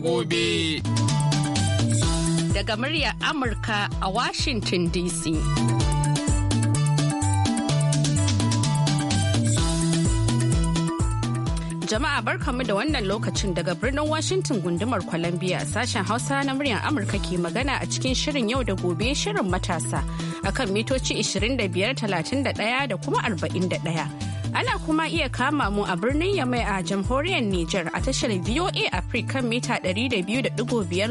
gobe. Daga muryar Amurka a Washington DC. Jama'a barkamu da wannan lokacin daga birnin Washington gundumar Columbia sashen Hausa na muryar Amurka ke magana a cikin shirin yau da gobe shirin matasa akan mitoci 25, 31 da kuma 41. Ana kuma iya kama mu a birnin Yamai a jamhuriyar Nijar a tashar VOA Africa kan mita 200.5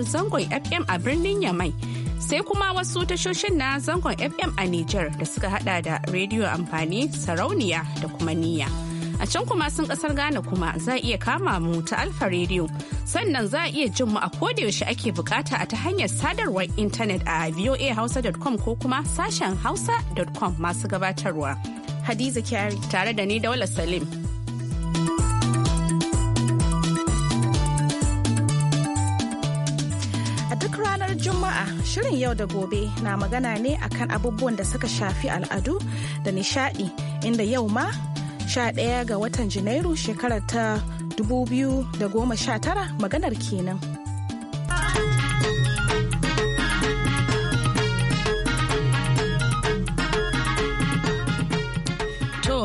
zangon FM a birnin Yamai. Sai kuma wasu tashoshin na zangon FM a Nijar da suka hada da rediyo amfani, sarauniya da kuma niyya. a can kuma sun kasar Ghana kuma za a iya kama mu ta Alfa rediyo sannan za a iya jin mu a yaushe ake bukata a ta hanyar sadarwar intanet a voahausa.com ko kuma sashen hausa.com masu gabatarwa. Hadiza Kyari tare da ni Daula Salim. A duk ranar Juma'a shirin yau da gobe na magana ne akan abubuwan da suka shafi al'adu da nishadi inda yau ma sha 11 ga watan Janairu shekarar ta 2019 maganar kenan.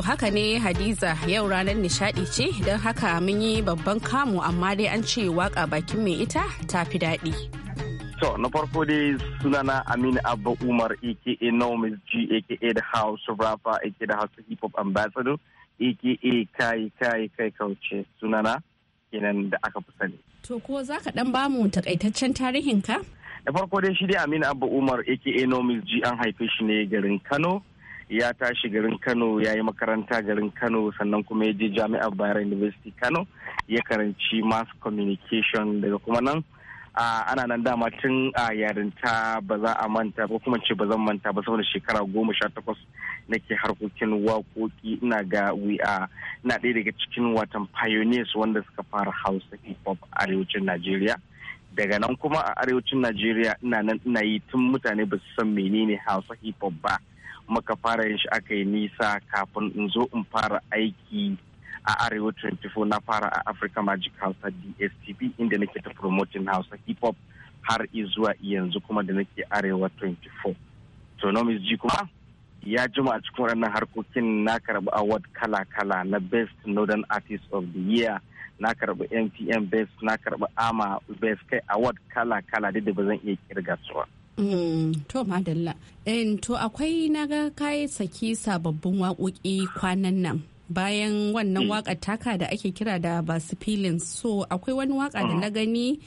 haka ne Hadiza yau ranar nishadi ce don haka mun yi babban kamu amma dai an ce waka bakin mai ita ta fi daɗi. To na farko dai sunana Aminu Abba Umar aka Nomis G aka The House Rapper aka The House Hip Hop Ambassador aka Kai Kai Kai Kauce sunana kenan da aka fi sani. To ko za ka ɗan bamu takaitaccen tarihinka? Da farko dai shi dai Aminu Abba Umar aka Nomis G an haife shi ne garin Kano. ya tashi garin kano ya yi makaranta garin kano sannan kuma ya je jami'ar bayero university kano ya karanci mass communication daga kuma nan ana nan dama tun a yarinta ba za a manta ko kuma ce ba zan manta ba saboda shekara goma sha takwas nake harkokin waƙoƙi ina ga wi'a na ɗaya daga cikin watan pioneers wanda suka fara hausa hip hop arewacin najeriya daga nan kuma a arewacin najeriya ina nan ina yi tun mutane ba su san menene hausa hip hop ba muka fara yin shi aka yi nisa kafin in zo in fara aiki a arewa 24 na fara a africa magic hausa dstv inda nake ta promoting hausa hip hop har zuwa yanzu kuma da nake arewa 24 nomis ji kuma ya jima a cikin waɗannan harkokin na karɓi award kala-kala na best northern artist of the year na karɓi mpm best na karɓi ama best kai award kala-kala duk da ba zan iya kirga su ba. to in to akwai naga kai saki sababbin waƙoƙi kwanan nan bayan wannan mm. waƙar taka da ake kira da basu filin so akwai wani waƙa da ah. na gani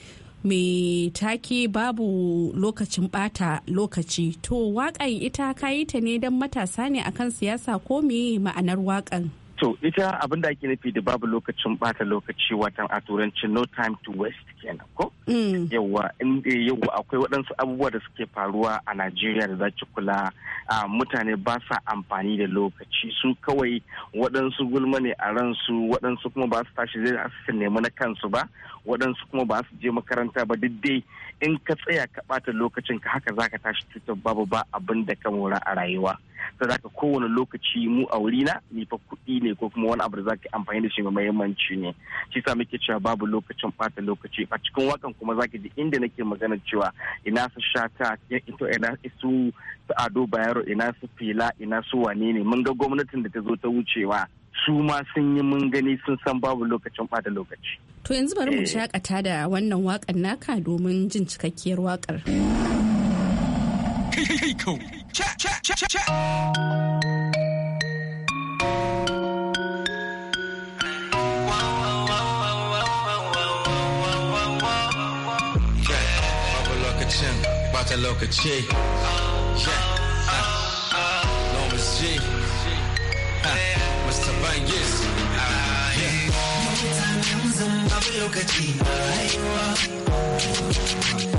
mai taki babu lokacin bata lokaci to waƙan ita kayi ta ne don matasa ne akan siyasa ko mai ma'anar waƙan To ita abin da ake nufi da babu lokacin bata lokaci watan a turanci no time to waste kenan ko? Mm. Yawwa inda yawwa akwai waɗansu abubuwa da suke faruwa a Najeriya da za ki kula mutane ba sa amfani da lokaci su kawai waɗansu gulma ne a ransu waɗansu kuma ba su tashi zai su nemi na kansu ba waɗansu kuma ba su je makaranta ba duk dai in ka tsaya ka ɓata lokacin ka haka zaka tashi tutar babu ba abin da ka mora a rayuwa. sai zaka kowane lokaci mu a wuri na ni fa kuɗi ne ko kuma wani abu da zaka amfani da shi mai muhimmanci ne shi sa muke cewa babu lokacin ɓata lokaci a cikin wakan kuma zaka ji inda nake magana cewa ina su shata ito ina su ado bayero ina su fila ina su wane ne mun ga gwamnatin da ta zo ta wucewa su ma sun yi mun gani sun san babu lokacin bada lokaci. To yanzu bari mu eh. shakata da wannan wakan naka domin jin cikakkiyar wakar. Kai kai kai check, check, check, check, check. That local G, yeah, uh, long as G, uh, Mr. Bangers, uh, yeah. Every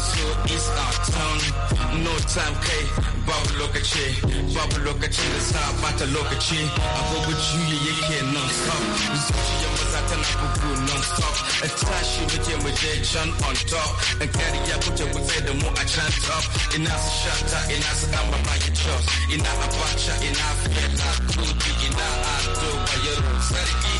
So it's our town no time kai babu lokaci babu lokaci da sa bata lokaci agogo juya yake non stop zuciyar maza tana bugu non stop a tashi muke mu je can on top carry a kariya kuke kuke da mu a can top ina su shata ina su kama baki chops ina abacha ina feta kuki ina ado bayero sarki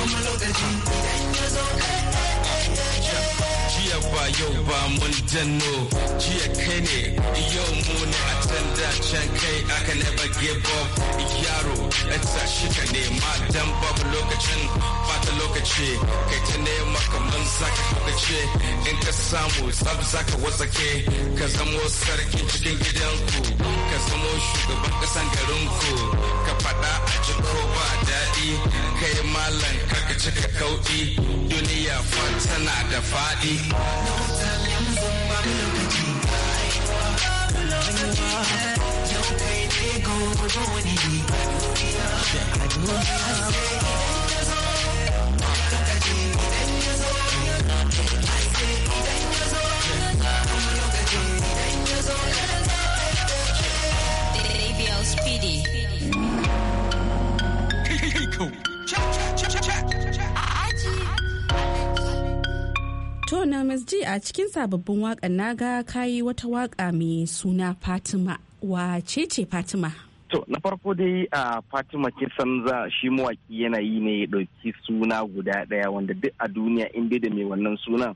kuma lokaci dan ya zo jiya ba mun jiya kai ne yau mu ne a can da can kai a ka never give up yaro ita shi ka nema dan babu lokacin fata lokaci kai ta nema kamar zaka lokaci in ka samu tsab zaka wasake ka zamo sarkin cikin gidanku ka zamo shugaban kasan garinku ka faɗa a ji ko ba daɗi kai malam kaka cika kauɗi duniya fan da faɗi. Yeah. To ji a cikin sababbin waƙan naga kayi wata waƙa mai suna Fatima. ce ce Fatima? To, na farko dai a Fatima za shi mawaki yana yi ne ya ɗauki suna guda ɗaya wanda duk a duniya in da mai wannan sunan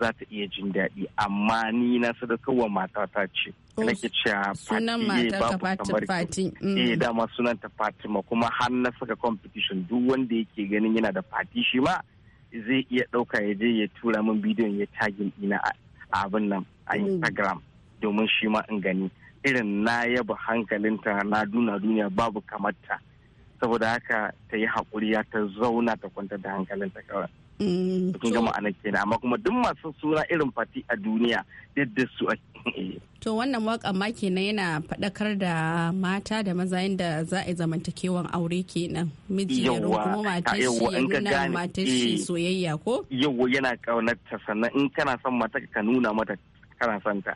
za ta iya jin daɗi amma ni na sadaukarwa matata ce. Oh, Nake cewa Sunan eh, matarka Fati. Mm. Eh dama sunan ta Fatima kuma har na saka competition duk wanda yake ganin yana da Fati shi ma zai iya ɗauka ya je ya tura min bidiyon ya tagin ina a abin nan a mm. Instagram domin shi ma in gani. irin na yaba hankalinta na duna duniya babu kamarta saboda haka ta yi haƙuri ya ta zauna ta kwanta da hankalinta kawai. Mm, Kun gama ana kenan amma kuma duk masu suna irin fati a duniya yadda su a To wannan waka ma kenan yana faɗakar da mata da maza yadda za a yi zamantakewan aure kenan. Miji ya kuma matar shi ya nuna eh. ko? Yawwa yana ta sannan in kana son mata ka nuna mata kana son ta.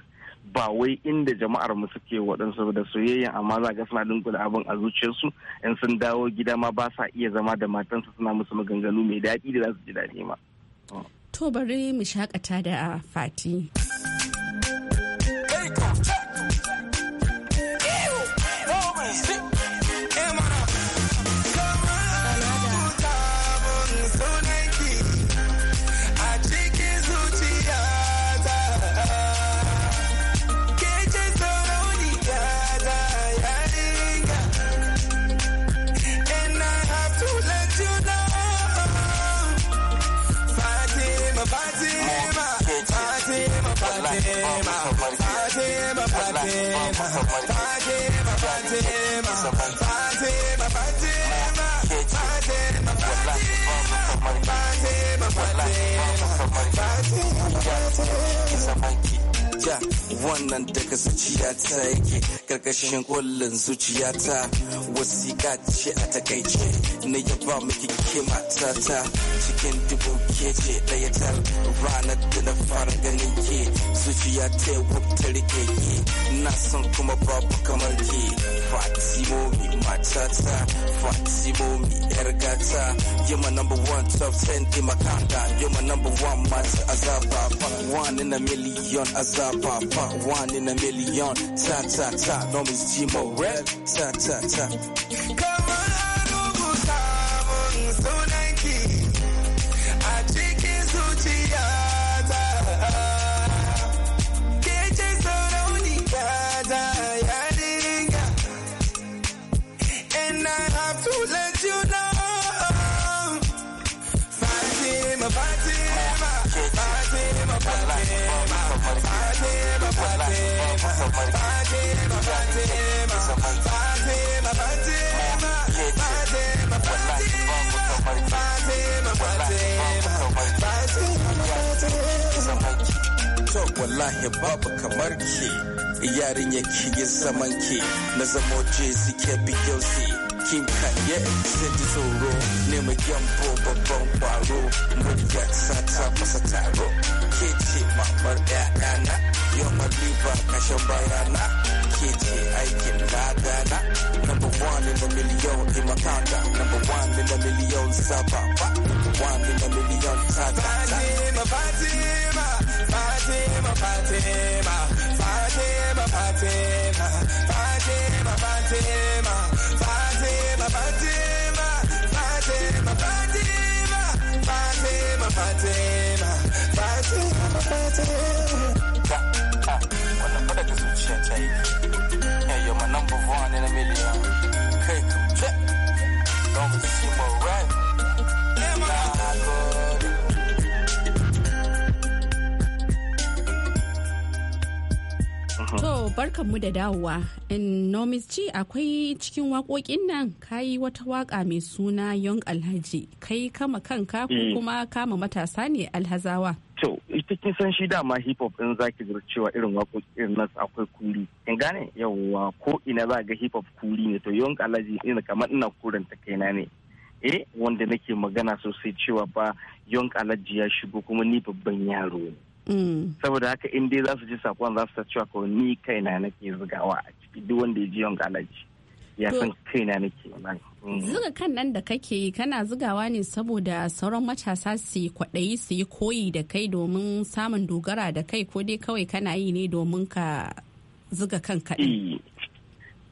ba wai inda jama'ar mu suke waɗansu da soyayya amma za ga suna dunkula abin a zuciyarsu in sun dawo gida ma ba sa iya zama da matansa suna musu maganganu mai daɗi da za su ji daɗi ma. To bari mu shakata da fati. fighting, I'm fighting, I'm fighting. Yeah wannan daga zuciya ta yake karkashin kullun zuciya ta wasiƙa ce a takaice na yaba miki ke matata cikin dubu keje ɗaya tar ranar da na fara ganin ke zuciya ta yi wata rike ke na son kuma babu kamar ke fatimomi matata fatimomi yar gata you're my number one top ten in my countdown you're my number one masu azaba one in a million azaba Part one in a million. Ta ta ta. Known as G-Mo Red. Ta ta ta. Come on. To wallahi babu kamar ke yarin ya yin zaman ke na zamo jesu ke biyonsi kin kanye sai ji tsoro ne mu gyambo babban kwaro muryar sata masa taro ke ce mamar ɗaya na. yau maliba kashin bayana ke ce aikin ladana number one in a million imakanda number one in a million sababa number one in a million tata Fatima Fatima Fatima Fatima Fatima Fatima Fatima Fatima Fatima Fatima Fatima Fatima Fatima Fatima Fatima Fatima barkanmu da dawowa. In ci akwai cikin waƙoƙin nan kayi wata waka mai suna yong Alhaji. Kai kama kanka ko mm. kuma kama matasa ne alhazawa. To, ita kin san shi dama hip hop in zaki cewa irin waƙoƙi irin nas akwai kuri. In gane yawa ko ina za ga hip hop kuri ne to Young Alhaji ina kamar ina kai kaina ne. Eh wanda nake magana sosai cewa ba yong Alhaji ya shigo kuma ni babban yaro Mm. saboda haka in dai za su ji sakon za su ta cewa ko ni kaina nake zugawa a ciki duk wanda ya ji yawan galaji ya san kaina nake nan mm. zuga kan nan da kake yi kana zugawa ne saboda sauran matasa su yi kwaɗayi su yi koyi da kai domin samun dogara da kai ko dai kawai kana yi ne domin ka zuga kan kaɗai eh.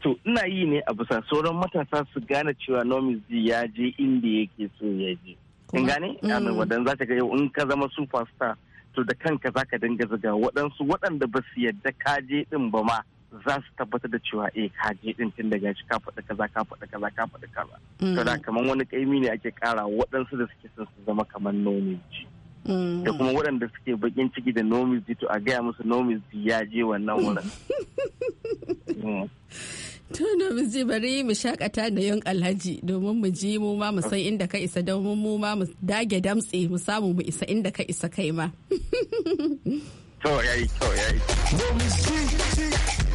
to ina yi ne a bisa sauran matasa su gane cewa nomis ya je inda yake so ya je in gane mm. wadanda za ka ga in ka zama superstar to da kanka ka dinga zaga waɗansu waɗanda ba su yadda kaje ɗin ba ma za su tabbatar da cewa eh kaje je din tun daga shi ka faɗi kaza ka faɗi kaza ka faɗi kaza to da kaman wani kaimi ne ake kara waɗansu da suke son su zama kaman nomiji mm. da kuma waɗanda suke bakin ciki da nomiji to a gaya musu nomiji ya je wannan wurin mm. Tuna mu ji bari mu shakata da yan alhaji domin mu ji mu ma mu san inda ka isa domin mu ma mu dage damtse mu samu mu isa inda ka isa kai ma.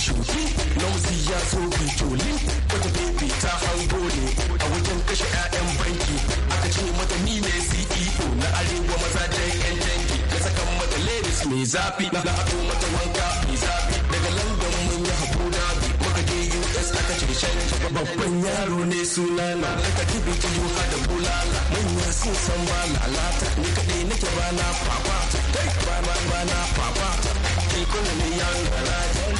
shoki nauzi ya so fitoli wata bebe ta hango ne a wajen kashe 'ya'yan banki aka ce mata ni ne ceo na arewa maza da yan janki ka saka mata ladies mai zafi na haɗo mata wanka mai zafi daga london mun yi habu dabi muka je us aka ce canji babban yaro ne sunana daga kibi ta yuha da bulala manya sun san ba lalata ni kaɗai nake ba na fafa kai ba na fafa kai kuma ne yan garaje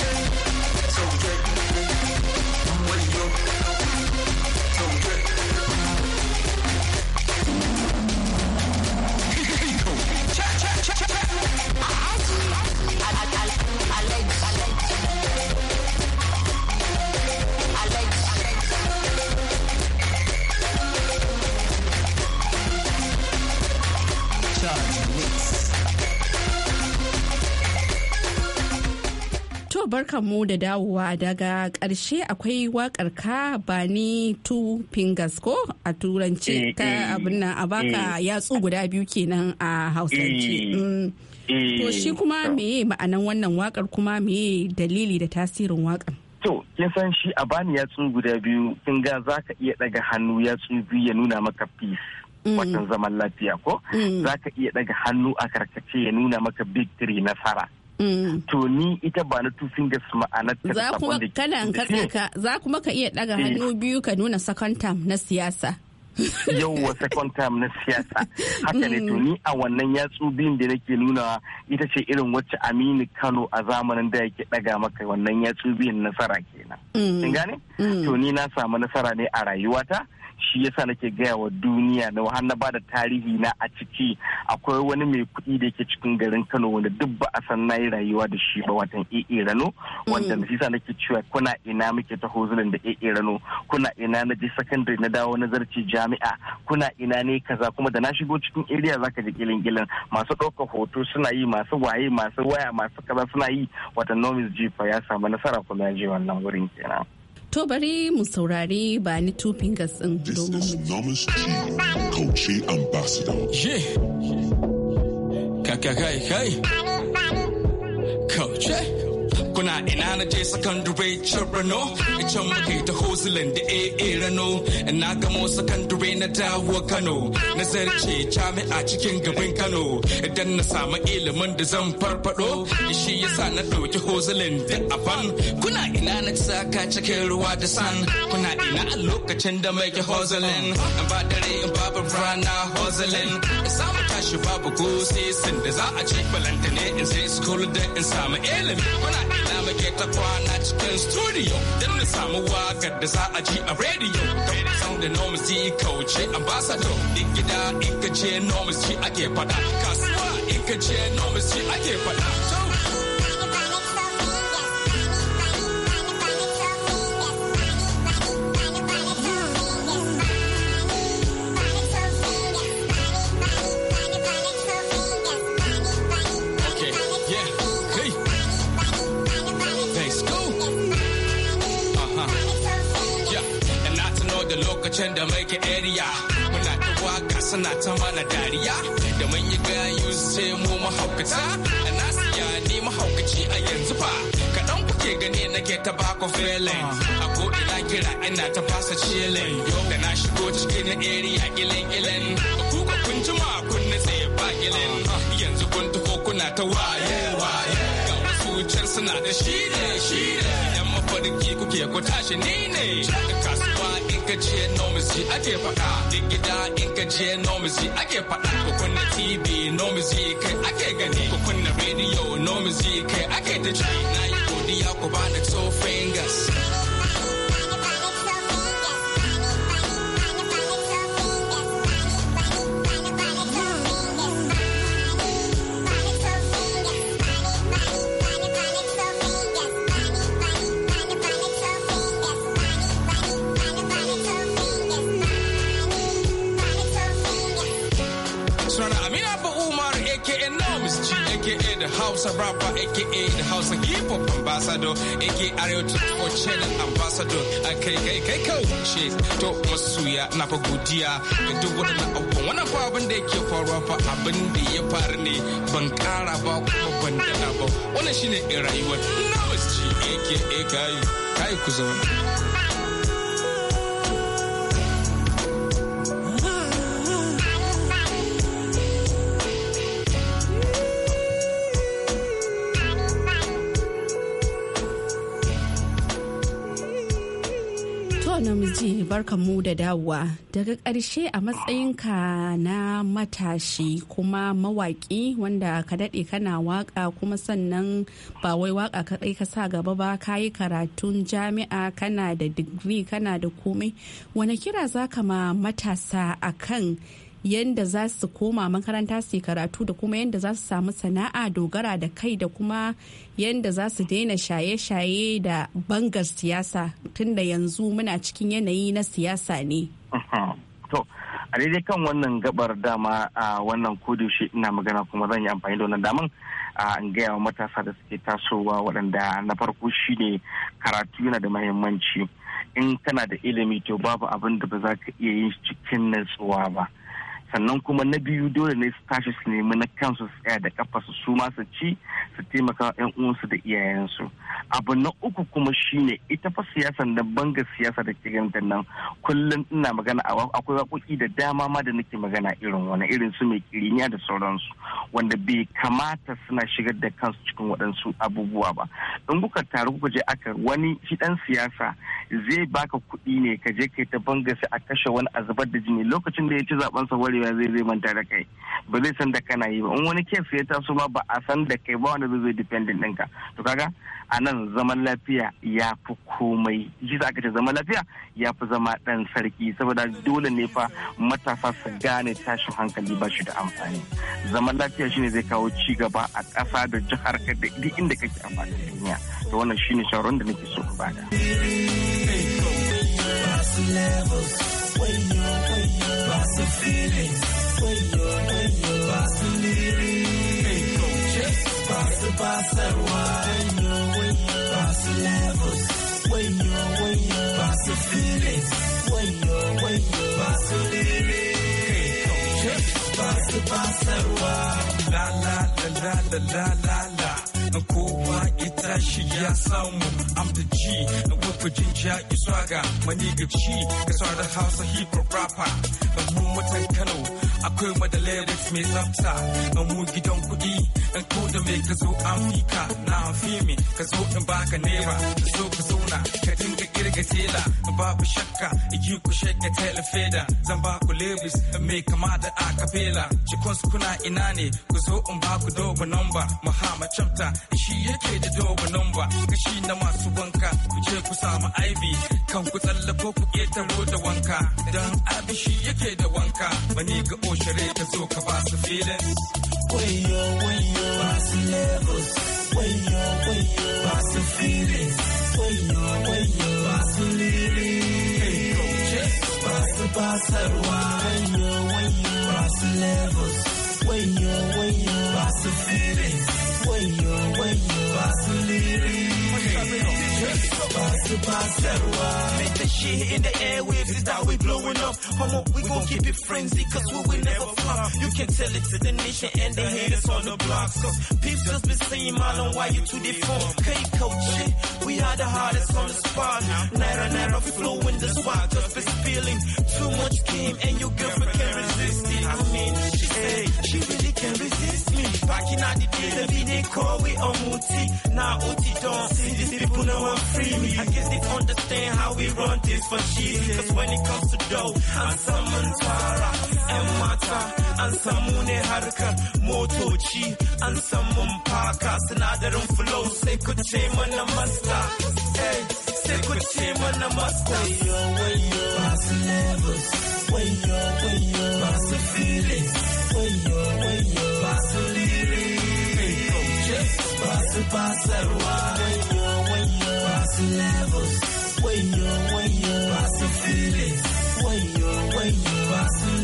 barka mu da dawowa daga ƙarshe akwai wakar ka ba ni two fingers ko a turance eh, ka eh, abin nan a baka eh. yatsu guda biyu kenan a hausance. Mm. To shi kuma meye ma'anan wannan wakar kuma meye dalili da tasirin wakar? To, kin san shi a bani yatsu guda biyu, kin ga za ka iya daga hannu yatsu biyu ya nuna maka peace. Mm. watan zaman lafiya ko mm. za ka iya daga hannu a karkace ya nuna maka victory nasara Mm. to ni ita ba na two fingers ma'anar ta za kuma kana ka za kuma ka iya daga eh. hannu biyu ka nuna second term na siyasa yauwa second term na siyasa haka ne to mm. ni a wannan yatsu biyun da nake nuna ita ce irin wacce aminu kano a zamanin da yake daga maka wannan yatsu biyun nasara kenan mm. kin gane to ni na samu nasara ne a rayuwata shi yasa nake gaya wa duniya na har na bada tarihi na a ciki akwai wani mai kuɗi da yake cikin garin Kano wanda duk ba a san nayi rayuwa da shi ba watan AA Rano wanda mm. shi yasa nake cewa kuna ina muke ta Hozulin da AA Rano kuna ina na je secondary na dawo na zarci jami'a kuna ina ne kaza kuma da na shigo cikin area zaka ji gilin gilin masu ɗaukar hoto suna yi masu waye masu waya masu kaza suna yi watan Nomis Jifa ya samu nasara kuma ya je wannan wurin kenan. To bari mu saurari ba ni tufin fingers domin mu Kauce ambassador. kai. Kauce. kuna ina na je secondary cirano can muke ta hosilin da A rano na gamo secondary na dawo Kano na zarce a cikin gaban Kano idan na samu ilimin da zan farfado shi yasa na ɗauki hosilin da aban. kuna ina na saka cikin ruwa da san kuna ina a lokacin da muke hosilin ba dare babu rana hosilin samu tashi babu ko sai da za a ce balanta ne in sai school da in samu ilimi kuna ina ke ta kwana cikin studio don na samu wakar da za a ji a radio don sound da nomisi kauce ambassador in gida in ka ji ake faɗa kasuwa in ka ji ake faɗa sai mu mahaukata a nasu ya ni mahaukaci a yanzu fa kaɗan kuke gani nake ta bako feeling a ko ina kira ina ta fasa chilling yau da na shigo cikin area ilin ilin kuka kun jima kun nutse ba ilin yanzu kun taho kuna ta waye waye ga wasu can suna da shi ne shi ne yan mafarki kuke ku tashi ni ne kasu ka je nomizi ake faɗa duk gida in ka je nomizi ake faɗa ko kunna tv nomizi kai ake gani ko kunna rediyo nomizi kai ake ta ji na yi godiya ku bani two fingers arewacin ochelin ambassador a kai kai kai kaushe to masuya na fa godiya da duk waɗannan abubuwan wannan fa abin da yake faruwa fa abin da ya faru ne ban kara ba kuma ban dana ba wannan shine rayuwar na wasu ake kai kai ku zauna namiji mu da dawowa daga ƙarshe a matsayinka na matashi kuma mawaƙi wanda ka daɗe kana waƙa kuma sannan ba wai waƙa kai ka sa gaba ba ka yi karatun jami'a kana da digiri kana da komai wani kira za ka ma matasa akan yadda za su koma makaranta su karatu da kuma yadda za su samu sana'a dogara da kai da kuma yadda za su daina shaye-shaye da bangar siyasa tunda yanzu muna cikin yanayi na siyasa ne. To, a daidai kan wannan gabar dama a wannan kudishi ina magana kuma zan yi amfani da wannan daman an gaya wa matasa da suke tasowa waɗanda na farko shi ne karatu yana da mahimmanci in kana da ilimi to babu abin da ba za ka iya yin cikin natsuwa ba. sannan kuma na biyu dole ne su tashi su nemi na kansu su tsaya da kafarsu su ma su ci su taimaka yan uwansu da iyayensu abu na uku kuma shine ita fa siyasa da banga siyasa da kiran nan kullum ina magana akwai wakoki da dama ma da nake magana irin wani irin su mai kiriniya da sauransu wanda bai kamata suna shigar da kansu cikin waɗansu abubuwa ba in kuka taru kuka je aka wani shi dan siyasa zai baka kuɗi ne ka je kai ta banga sai a kashe wani a zubar da jini lokacin da ya ci zaben sa ware juya zai zai manta da kai ba zai san da kana yi ba in wani kes ya taso ma ba a san da kai ba wanda zai zo dependent ɗinka to kaga a nan zaman lafiya ya fi komai shi za ka ce zaman lafiya ya fi zama ɗan sarki saboda dole ne fa matasa su gane tashin hankali ba shi da amfani zaman lafiya shine zai kawo ci gaba a ƙasa da jihar ka da duk inda kake amfani da duniya to wannan shine shawaran da nake so ba bada. Levels, when you're, basarwa la la la la la la la kowa ita shi ya samu am the G na gwagwa jinja isuwa ga manigaci ga da hausa hip hop rapper ga mutan kano akwai madalarex mai tsafta ga mu gidan kuɗi in ko mai ka zo amurka na amfi me ka zo in baka naira ka zo ka zauna ka dinga kirga tela babu shakka iki ku shakka tela feda zan ba ku labels mai kama da acapella cikon su kuna ina ne ku zo in ba ku doba number muhammad chapter shi yake da doba number kashi na masu wanka ku je ku samu ivy kan ku tsallako ku ketaro da wanka dan abi shi yake da wanka bani ga oshare ta zo ka ba su filin wayo wayo masu lagos wayo wayo masu feelings wayo wayo masu lili masu basarwa wayo wayo masu lagos wayo wayo masu feelings wayo wayo masu lili Make the shit in the airwaves is how we blowing up. Come on, we gon' keep it frenzy, cause we will never flop. You can tell it to the nation and the haters on the blocks. Cause peeps just been seeing my on why you too deformed. Can't coach it, we are the hardest on the spot. Naira, naira flowing the spot, just been spilling. Too much game and your girlfriend can't resist it. I mean, she said, she really can't resist me. Back in the day, the day call we on OT. Now don't people know I'm free. I guess they understand how we run this for cheese. Cause when it comes to dough, I'm san mantara, and mata, an samu ne harkar motoci, an san mun faka sinadarin flow sai ku on mana master. Hey, on sai ku ce mana masta. Wayo, wayo, masu levels. Wayo, wayo, masu feelings. Wayo, wayo, masu lyrics. Just basu basarwa. Wayo, levels. Way yo, way yo, pass feelings. Way yo, way yo, pass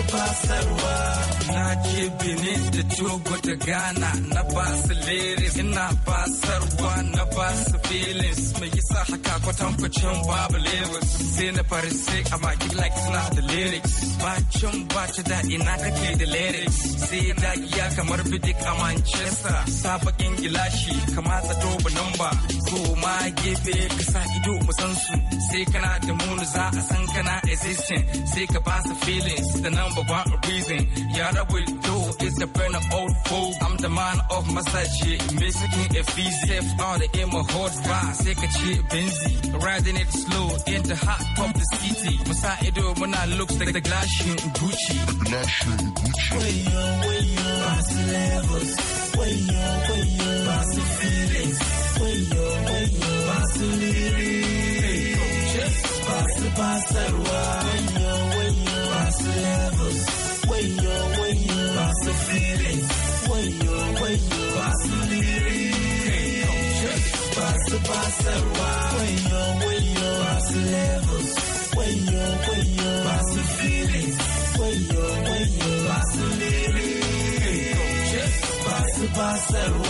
masu basarwa na ke benin da togo da ghana na basu lyrics ina basarwa na basu feelings mai yasa haka kwatankwacin babu lyrics sai na fari sai a maki like suna da lyrics bacin baci da ina kake da lyrics sai da iya kamar bidik a manchester sabakin gilashi kama zato ba namba ko ma gefe ka sa ido mu san su sai kana da muni za a san kana existing sai ka basu feelings da nan number one reason. Yeah, that will do. It's a burn of old fool. I'm the man of massage. Mexican Efizi. Safe out in my hot bar. Sick a cheap Benzi. Riding it slow into hot pop the city. Masa Edo when I looks like the glass shoe Gucci. The glass shoe Gucci. Way yo, way yo. the levels. Way yo, way yo. the feelings. Way yo, way yo. Boss lyrics. Just boss, boss, boss, boss, boss, boss, Wayo, wayo, masu fili. Wayo, wayo, masu liri. Masu basarwa. Wayo, wayo, masu levels. Wayo, wayo, masu fili. Wayo, wayo, masu liri. Masu basarwa.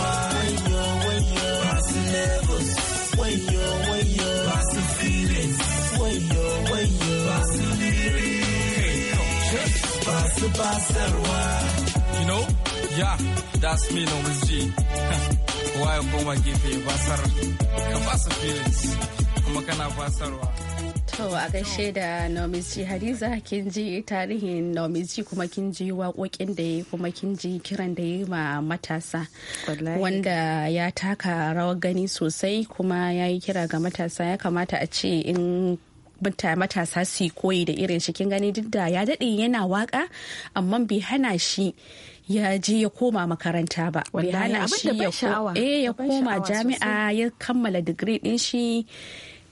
Ya that's me, no G. ya koma gefe basar, ka feelings, kuma kana basarwa. To a gaishe da Nomiji Hadiza kin ji tarihin Nomiji kuma kin ji waƙoƙin da ya kuma kin ji kiran da ya ma matasa wanda ya taka rawar gani sosai kuma ya yi kira ga matasa ya kamata a ce in matasa su koyi da irin shi kin gani duk da ya daɗe yana waƙa amma bai hana shi ya je ya koma makaranta ba bai shi ya eh, koma jami'a ya kammala digiri din shi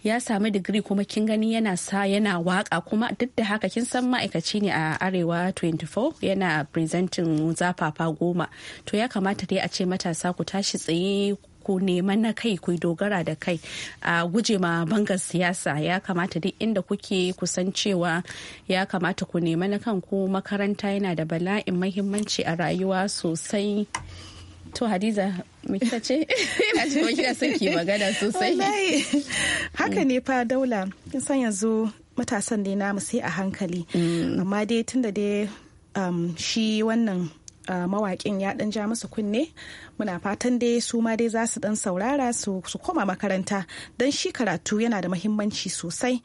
ya sami digiri kuma kin gani yana sa yana waka kuma duk da haka kin san ma'aikaci ne a arewa 24 yana presenting zafafa goma to ya kamata dai a ce matasa ku tashi tsaye ku neman na kai ku dogara da kai a guje ma bangar siyasa ya kamata duk inda kuke kusancewa cewa ya kamata ku nema na ku makaranta yana da bala'in mahimmanci a rayuwa sosai to hadiza mita ce a cikin kina son magana sosai haka ne fa daula kin san yanzu matasan ne namu sai a hankali mm. amma dai tunda dai um, shi wannan uh, mawakin ya dan ja masa kunne muna fatan dai su ma dai za su dan saurara su koma makaranta don shi karatu yana da mahimmanci sosai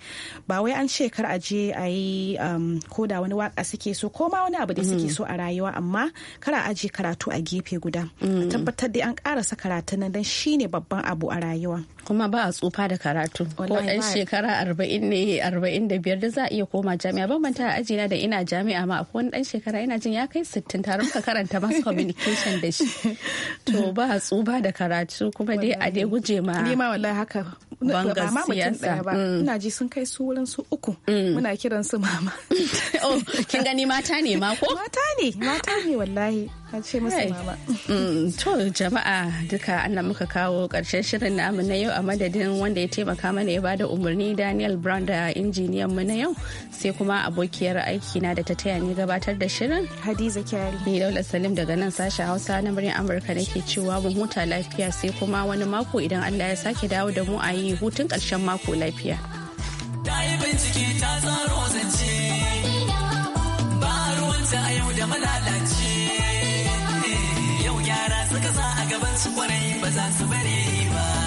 ba wai an ce kar a je a yi um, koda wani waka suke so ko wani abu da suke mm-hmm. so a rayuwa amma kar a aje karatu a gefe guda a mm-hmm. tabbatar dai an karasa karatu nan don shi babban abu a rayuwa kuma ba a tsufa da karatu ko dan shekara arba'in ne arba'in da biyar da za a iya koma jami'a ban bambanta na da ina jami'a ma akwai wani dan shekara ina jin ya kai sittin tare ka karanta mass communication da shi to ba tsuba da karatu kuma dai a dai guje ma ni ma wallahi haka mutum siyasa ba mm. ina ji sun kai su wurin su uku mm. muna kiran su mama oh kin gani mata ne ma ko mata ne mata ne wallahi ce musu mama. Mm, to jama'a duka Allah muka kawo karshen shirin namu na yau a madadin wanda ya taimaka mana ya bada umarni Daniel Brown da injiniyan mu na yau sai kuma abokiyar aiki na da ta taya ni gabatar da shirin. Hadiza Kyari. Ni Daula Salim daga nan sashen Hausa na muryar Amurka nake cewa mu huta lafiya sai kuma wani mako idan Allah ya sake dawo da mu a yi hutun karshen mako lafiya. bincike ta tsaro zance. ba ruwanta a yau da malalaci eh, yau gyara suka sa a gaban su kwarai ba za su bare ba